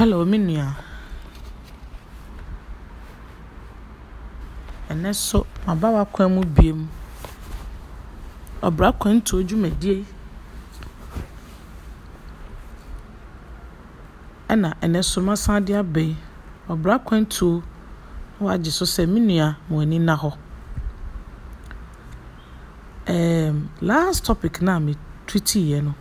hello me nua ɛnɛ so maba w'akwan mu biom ɔbra kwantuo dwumadie ɛna ɛnɛ so masan de aba yi ɔbra kwantuo na wagye so sɛ me nua ma w'ani na hɔ um, last topic na me twitiiɛ no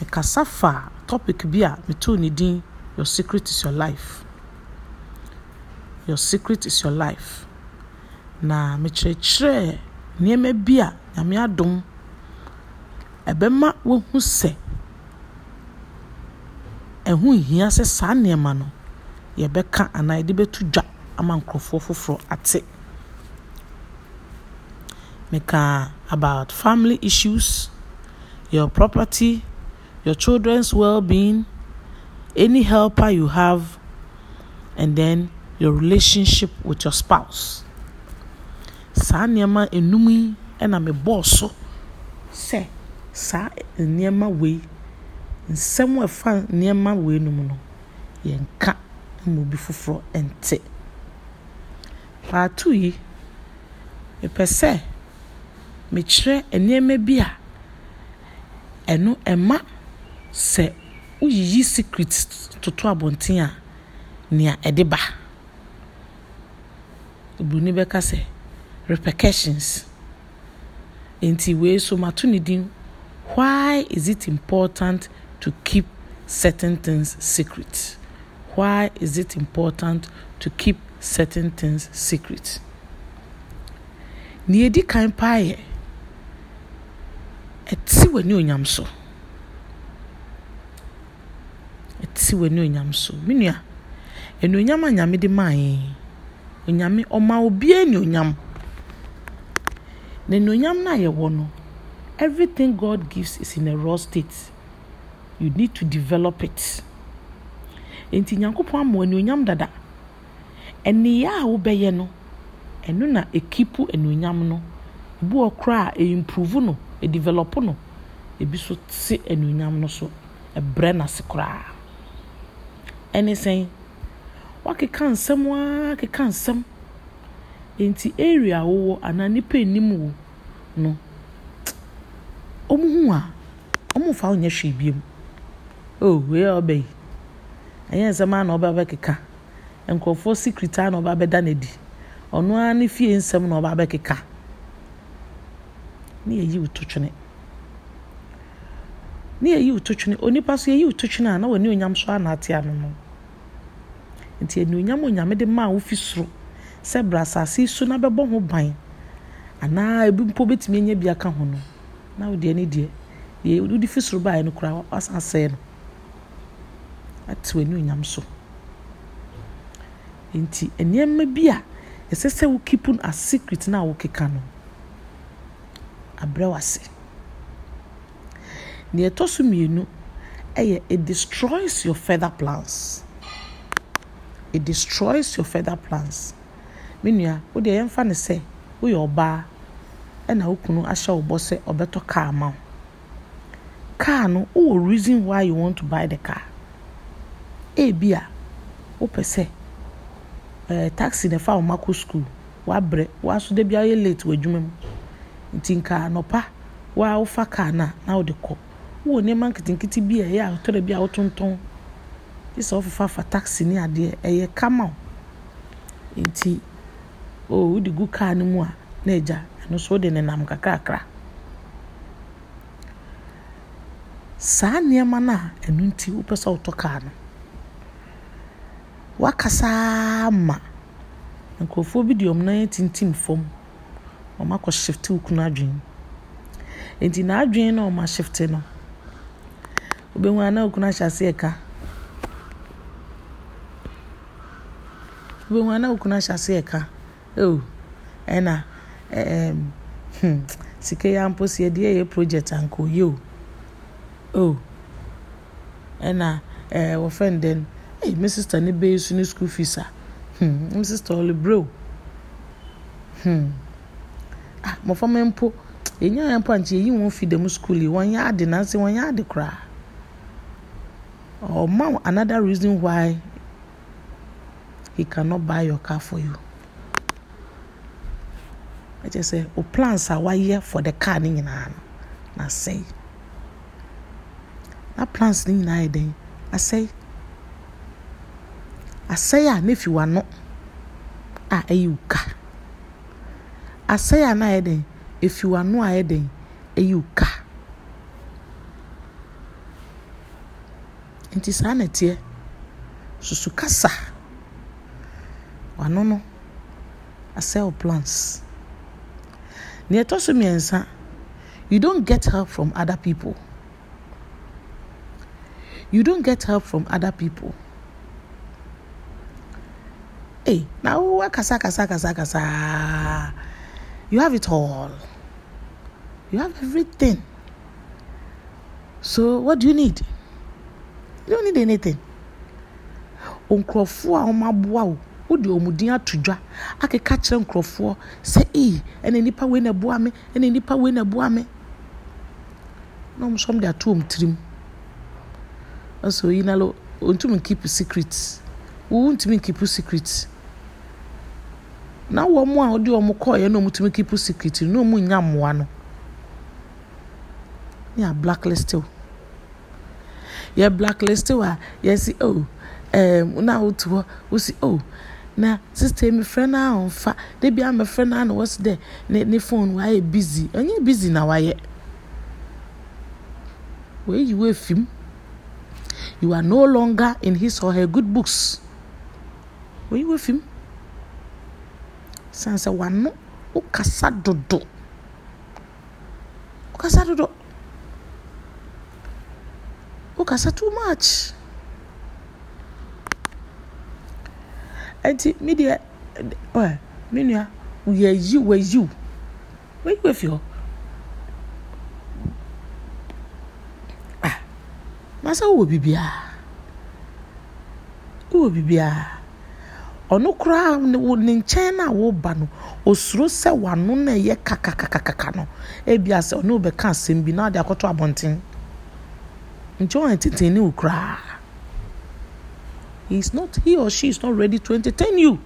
mekasa fa topic bi a metoo ne din your secret is your life your secret is your life na mekyerɛkyerɛ nneɛma bi a nyame adom ɛbɛma wohu sɛ ɛho hia sɛ saa nneɛma no yɛbɛka anaa yɛde bɛto dwa ama nkurɔfoɔ foforɔ ate mekaa about family issues your property your children's well being, any helper you have, and then your relationship with your spouse. Sa niyama enum ena me bɔɔso se sa niyama we, nsɛm a niyama we wei no mu no yɛnka ma obi foforɔ nte paatu yi mepɛ sɛ mekyerɛ nneɛma bi a ɛno sɛ woyiyi secret toto abɔnten a nea ɛde ba oburoni bɛka sɛ repercussions nti wei so mato ne din why is it important to keep certain things secret why is it important to keep certain things secret nea edi kan paa yɛ ɛte w'ani onyam so ɛte w'ani onyam so me nua a nyame de maa yɛn onyame ɔma obiara anuonyam na anuonyam no a yɛwɔ no everything god gives is in a raw state you need to develop it nti nyankopɔn ama anuonyam dada ɛneyɛ a wobɛyɛ no ɛno na ekipu anuonyam no ebi wɔ koraa eimprove no edevelop no ebi so te anuonyam no so ɛbrɛ n'ase koraa. ɛne sɛn wakeka nsɛm aa keka nsɛm nti area wowɔ anaa nipa anim wo no ɔmo ho a ɔmo fa onyɛ hwee biem oh wei a ɔbɛ yi ɛnyɛ nsɛm a na ɔba bɛkeka nkurɔfoɔ secret a na ɔba bɛda n'adi ɔno ara ne fie nsɛm na ɔba bɛkeka ne yɛyi wo to twene ne yɛyi wo to twene onipa so yɛyi wo to twene a na wɔne onyam so anaate ano no. nti anuonyam onyame de maa wofi soro sɛ bra asase so na ho ban anaa ebi mpo betumi anya bi aka ho no na wodeɛ ne deɛ deɛ wode fi soro baeɛ no koraa wasan sɛe no ate w'anuonyam so nti nneɛma bi a ɛsɛ sɛ wokipu no a secret no a wokeka no abrɛ wase nea ɛtɔ so mmienu ɛyɛ it destroys your further plans it destroys your further plans me nua wo deɛ yɛmfa ne sɛ woyɛ ɔbaa ɛna wo kunu ahyɛ wo bɔ sɛ ɔbɛtɔ kaa ma wo kaa no wowɔ reason why you want to buy the car ebi a wopɛ sɛ ɛɛ taxi na fa wɔn akɔ school wabrɛ waso de bi ayɛ late wɔ adwuma mu nti nka anɔpa wa wofa kaa na na wode kɔ wowɔ nneɛma nketenkete bi a ɛyɛ atɔrɔ bi a wotontɔn. sɛ ɔfefa fa taxi ne adeɛ eh, ɛyɛ kama o nti o wode gu kaa no mu a na agya ɛno so wode nenam kakrakra saa nneɛma no a ɛno nti wopɛ sɛ wotɔ kaa no wakasaa ma nkurɔfoɔ bi de ɔmo nan tintim fam ɔmo akɔ shifte wo kunu adwene nti n'adwene na ɔmo ashifte no wobɛhu a na wo ahyɛ aseɛ ka bom ana okuna hyase ɛka o oh, ɛna ɛɛm eh, hmm sika si ɛdi project anko yi o o oh, ɛna ɛɛ eh, wɔfɛn dɛn ɛyi mi sista ne school fees a hmm mi sista ɔle bro hmm ah mmɔframma mpo eyi fi yi nansi oh, another reason he cannot buy your car for you ɛkyɛ sɛ o plans a wayɛ for the car ne nyinaa no na asɛe na plans I say, "I say, asɛe asɛe a ne fi wano a you car. I say, a na ayɛ dɛn efi wano a ayɛ dɛn ɛyɛ wo ka nti saa na teɛ susu kasa. I don't I sell plants. You don't get help from other people. You don't get help from other people. Hey, now kasa kasa kasa kasa. You have it all. You have everything. So what do you need? You don't need anything. wode ɔmu din ato dwa akeka kyerɛ nkurɔfoɔ sɛ ei ɛne nipa wei na ɛboa me ɛne nipa wei na ɛboa me na ɔmo sɔm de ato ɔmo tirim ɛsɛ oyi na lo ɔntumi keep secret wɔn ntumi keep secret na wɔn a ɔde wɔn kɔɔeɛ na wɔn tumi keep secret na wɔn nya mmoa no ne yɛ blacklist o yɛ blacklist o a yɛsi o oh, ɛɛm na wotu hɔ wosi o. Oh, na sista yi mefrɛ no a ɔmfa da bia mefrɛ no a na wɔsi dɛ ne ne phone wayɛ busy ɛnyɛ busy na wayɛ wɔayi wo efim you are no longer in his or her good books wɔayi wo efim san sɛ wano wokasa oh, dodo wokasa oh, dodo wokasa oh, too much. nti mi deɛ ɛ mi nua yɛyi yi, wɔyiw efi hɔ a masa wɔ biribiara wɔ biribiara ɔno koraa wɔ ne nkyɛn na wɔreba no osuro sɛ wano na ɛyɛ kakakakaka no ebi asɛ ɔno bɛka asɛm bi na ɔde akɔtɔ abɔnten nkyɛn wɔn tete ne wɔ koraa. he's not he or she is not ready to entertain you.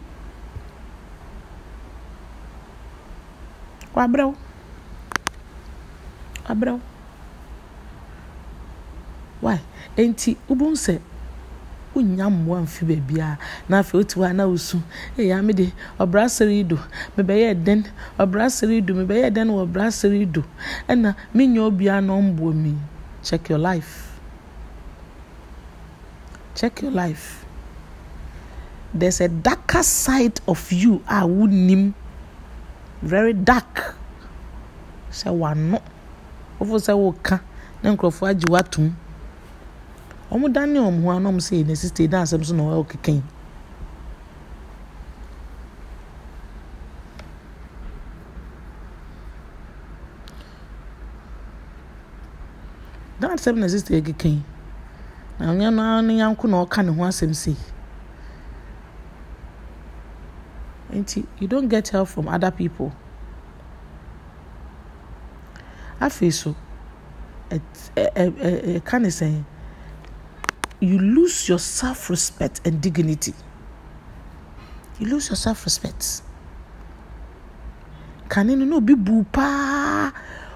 Wá brẹ́ o. Why? Enti ubunse. sɛ wonya mmoa mfi baabi na afei wote hɔ a na wosu ee ame de ɔbra asɛre yi do mebɛyɛ dɛn ɔbra asɛre yi do mebɛyɛ dɛn wɔ ɔbra asɛre yi do ɛna menya obiara na ɔmboa mi check your life check your life. there's a darker side of you a wonim very dark sɛ wano wofo sɛ woka ne nkurɔfoɔ agye watom ɔmo dane ɔmo ho a na sɛ ne sista na asɛm so na ɔyɛ ɔkekan na asɛm na na ne yanko na ɔka ne ho asɛm sei nti you don't get help from other people afei so ɛka ne sɛn you lose your self respect and dignity you lose your self respect kane no na obi bu paa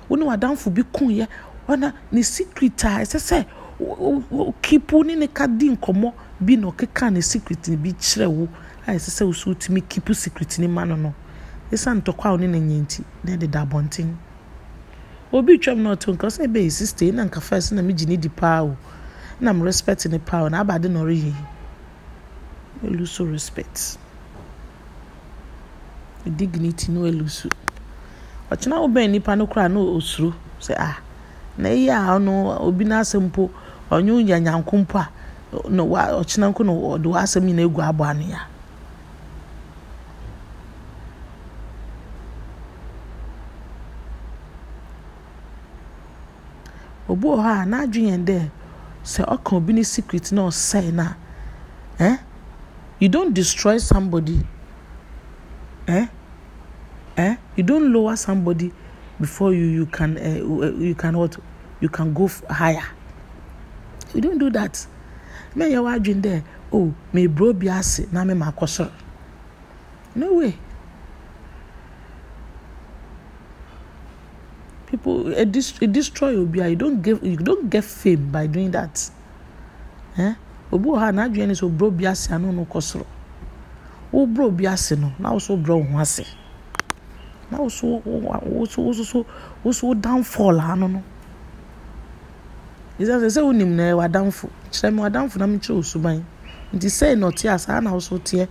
wo ne wadanfo bi kun yɛ wana ne secret a ɛsɛ sɛ kipu ne ne ka di nkɔmɔ bi na kan ne secret ni bi kyerɛ wo. a ɛsɛ sɛ woso wotumi keep secret ne ma no no ɛsiane tɔkwa wo ne no nti na ɛdeda abɔnten obi twam na ɔte nka ɔsɛ ɛbɛyɛ na megye di paa o na m respect paa o na abade na ɔreyɛ so respect dignity no so ɔkyena nipa no na ɔsuro sɛ ah, na a ɔno na ɔkyena nko na ɔde w'asɛm ya obi wɔ hɔ a n'adwene yɛn dɛ sɛ ɔka obi ne secret na ɔsɛe na eh you don't destroy somebody eh eh you don't lower somebody before you you can uh, you can what you can go higher you don't do that mɛ yɛ wɔ adwene dɛ oh mɛ eburo bi ase na mɛ ma akɔ soro no way. people it, dest- it destroy obi you don't give you don't get fame by doing that eh obi wɔ ha na adwene sɛ obrɔ obi ase ano no kɔ soro wobrɔ obi ase no na woso brɔ wo ho ase na woso woso woso woso downfall ano no yíyá sɛ sɛ wonim na ɛwɔ downfall. kyerɛ mi downfall na mi kyerɛ osuban nti sɛ ɛnɔte a na woso tie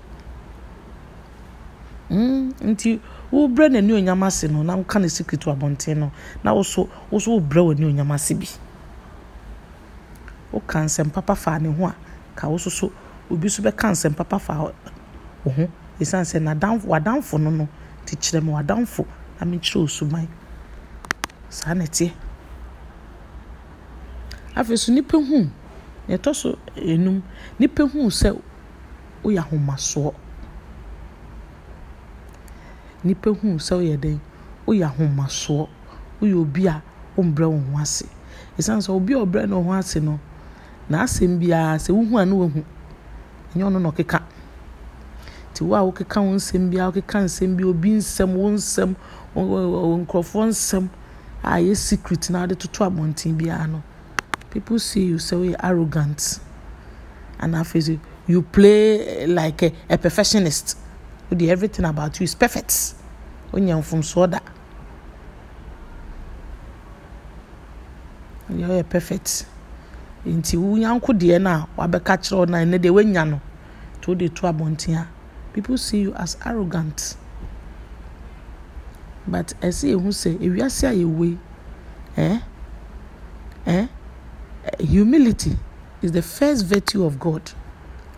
mm nti. wobrɛ n'ani onyam ase no na woka ne secret wɔ abɔnten no na woso woso wobrɛ w'ani onyam ase bi woka nsɛm papa faa ne ho a ka woso so obi so bɛka nsɛm papa faa wo ho ɛsiane sɛ n'adamfo w'adamfo no no te kyerɛ mu w'adamfo na mekyerɛ osuman saa na ɛteɛ afei so nipa hu na ɛtɔ so enum nipa hu sɛ woyɛ ahomasoɔ. nipa hu sɛ woyɛ dɛn woyɛ ahomasoɔ woyɛ obi a wombrɛ wo ho ase ɛsiane sɛ obi a ɔbrɛ ne ho ase no n'asɛm biara sɛ wohu a ne ɛnyɛ ɔno na ɔkeka nti wo a wokeka wo nsɛm biara wokeka nsɛm bi obi nsɛm wo nsɛm nkurɔfoɔ nsɛm a yɛ secret na wode toto abɔnten biara no people see you sɛ woyɛ arrogant and afei you play like a, a perfectionist wodi everything about you is perfect wonya mfomsoɔ da deɛ ɔyɛ perfect nti wo nyanko deɛ no a wabɛka kyerɛ wo nan ne deɛ woanya no nti wode to abɔnten a people see you as arrogant but ɛsɛ ehu sɛ ewiase a yɛwɔ eh? eh? humility is the first virtue of god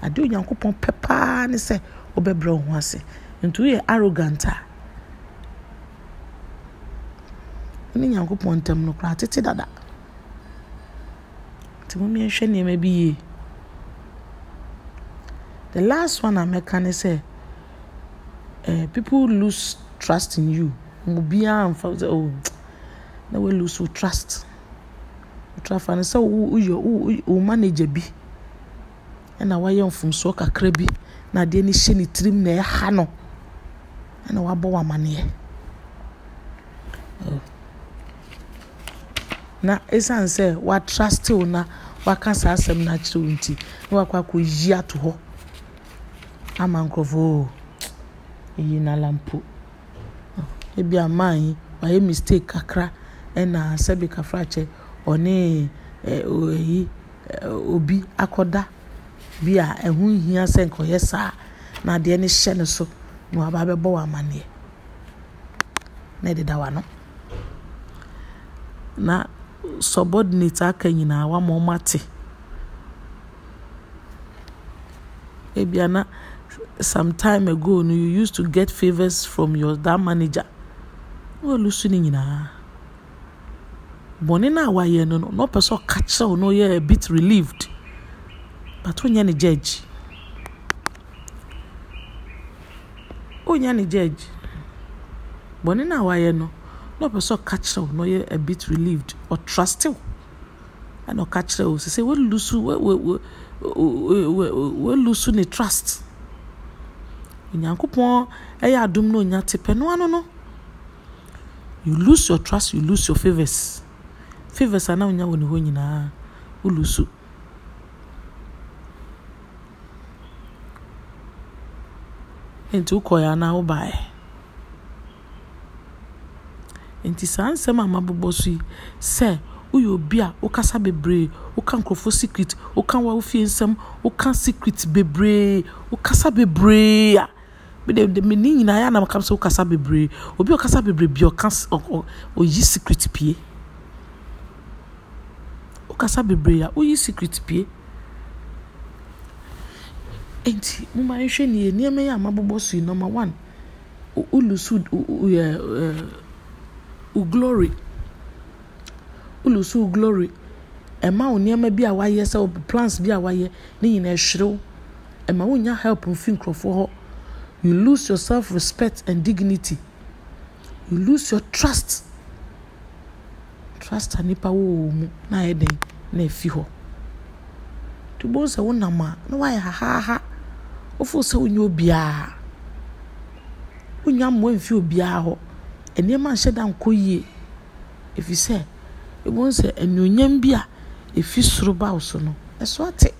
ade onyankopɔn pɛ paa ne sɛ wobɛbrɛ wo ho ase nti woyɛ arrogant a ne nyankopɔn ntam no koraa tete dada nti momeɛhwɛ nneɛma bi yie the last one a mɛka ne sɛ eh, people lose trust in you mo mfa sɛ oh na wo lose wo trust wo ne sɛ woyɛ wo manager bi ɛna wayɛ mfomsoɔ kakra bi na adeɛ no hyɛ ne tirim na ɛha no ɛna wabɔ wɔ amaneɛ oh. na ɛsiane sɛ watraste wo na waka saa asɛm no akyerɛ wo nti na wakɔ akɔyi ato hɔ ama nkurɔfoɔ ɛyi nala mpo oh, ebi ama yi wayɛ mistake kakra ɛna sɛbi kafrakyɛ ɔne ɛyi obi akɔda bi a ɛho nhia sɛ nkɔyɛ saa na adeɛ no hyɛ ne so na waba abɛbɔ wɔ amanneɛ na ɛdeda wano na subordinate aka nyinaa wama ɔmo ate ebia na some time ago no you used to get favours from your that manager wɔlu so ne nyinaa bɔnne no a wayɛ no no na ɔpɛ sɛ ɔka kyerɛw na ɔyɛ a bit relieved but wonyɛ ne judge wonyɛ ne judge bɔne no a wayɛ no na ɔpɛ sɛ ɔka kyerɛ wo na ɔyɛ a bit relieved ɔtruste wo ɛna ɔka kyerɛ wo sɛ sɛ wɔlusu wɔlusu ne trust onyankopɔn ɛyɛ adom na onya te pɛ no ano no you lose your trust you lose your favours favours a na wonya wɔ ne hɔ nyinaa wolusu nti wokɔ yɛ anaa wobaeɛ nti saa nsɛm a mabobɔ so yi sɛ woyɛ obi a wokasa bebree woka nkurɔfoɔ secret woka wa wofie nsɛm woka secret bebree wokasa bebree a mede mene nyinaa yɛ anamkam sɛ wokasa bebree obi a ɔkasa bebree bia ɔka ɔyi secret pie wokasa bebree a woyi secret pie nti moma nhwɛ nie nneɛma yi a mabobɔ so yi number one ulusu yɛ uglory ulusu uglory ɛma wo nneɛma bi a wayɛ sɛ plans bi a wayɛ ne nyinaa ɛhyerew ɛma wonya help mfi nkurɔfoɔ hɔ you lose your self respect and dignity you lose your trust trust a nipa wo wɔ mu na ayɛ den na afi hɔ tubom sɛ wonam a na wayɛ hahaha wofo sɛ wonyɛ obiara wonya mmoa mfi obiara hɔ nneɛma nhyɛ da nkɔ yie ɛfiri sɛ ebi sɛ anuonyam bi a efi soro ba wo so no ɛso ate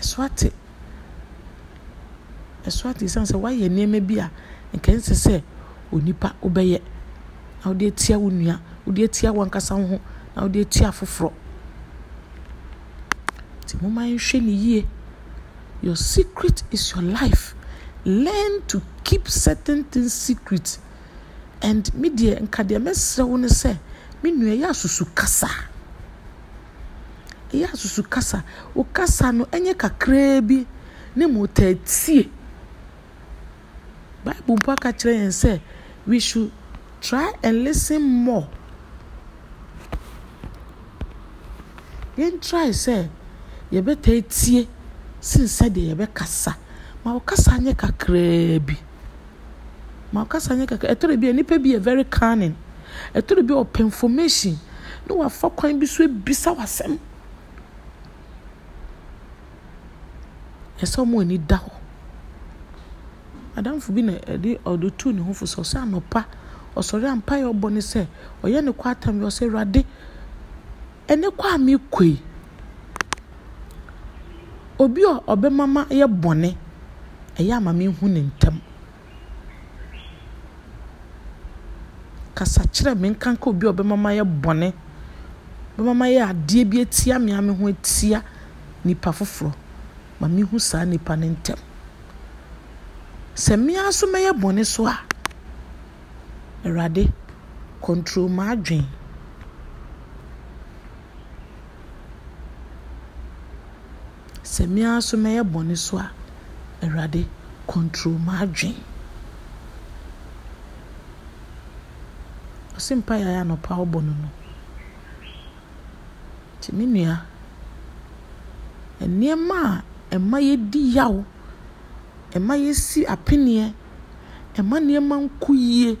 ɛso ate ɛso ate san sɛ wayɛ nneɛma bi a nka nsɛ sɛ onipa wobɛyɛ na wode atia wo nua wode atia wankasa ho na wode atia afoforɔ nti momma nhwɛ ne yie Your secret is your life. Learn to keep certain things secret. And media and nka deɛ mɛsrɛ wo minu ya me asusu kasa Ya asusu kasa Ukasa no enye kakraa ne mu bible mpo aka kyerɛ we should try and listen more Then try say yebe tie sin sɛdeɛ yɛbɛkasa ma wo kasa nyɛ kakraa bi ma wo kasa nyɛ kakra ɛtɔre bi a nipa bi yɛ very cunning ɛtɔre bi a ɔpɛ information na wafa kwan bi so ebisa wasɛm ɛsɛ ɔmo ani da hɔ adamfo bi na ɛde ɔde tu ne ho fo sɛ ɔsɛ anɔpa ɔsɔre ampa yɛ ɔbɔ ne sɛ ɔyɛ ne kɔ atam yɛ ɔsɛ ɛwurade ɛne kɔ a mi kɔ obi a ɔbɛma ma yɛ bɔne ɛyɛ ama mehu ne ntɛm kasa kyerɛ me obi a ɔbɛma yɛ bɔne bɛma yɛ adeɛ bi etia me a me ho atia nipa foforɔ ma hu saa nipa ne ntɛm sɛ mmea nso mɛyɛ bɔne so a awurade control m'adwene sɛ mmea nso mɛyɛ bɔne so a awurade control m'adwen ɔsi mpa yɛ anɔpa ɔbɔ no no nti me nua nneɛma a ɛma yɛdi yaw ɛma yɛsi apeneɛ ɛma nneɛma nko yie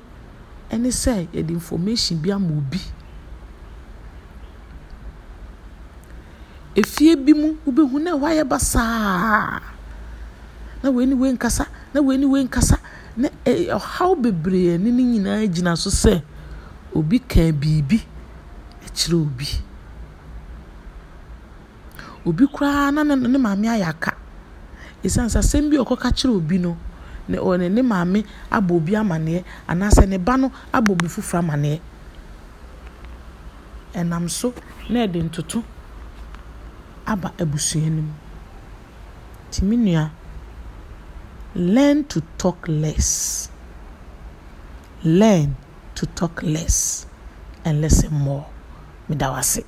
ɛne sɛ yɛde information bi ama obi. efie bi mu wobɛhu na ɛhɔ ayɛ basaa na wɔani wei nkasa na wɔani wei nkasa na e, ɔhaw bebree ne ne nyinaa gyina so sɛ obi kaa biribi akyerɛ obi obi koraa na ne ne maame ayɛ aka ɛsiane sɛ asɛm bi ɔkɔka kyerɛ obi no ne ɔne ne maame abɔ obi amaneɛ anaasɛ ne ba no abɔ obi foforɔ amaneɛ ɛnam so na ɛde ntoto aba abusua no mu nti nua learn to talk less learn to talk less and listen more meda wase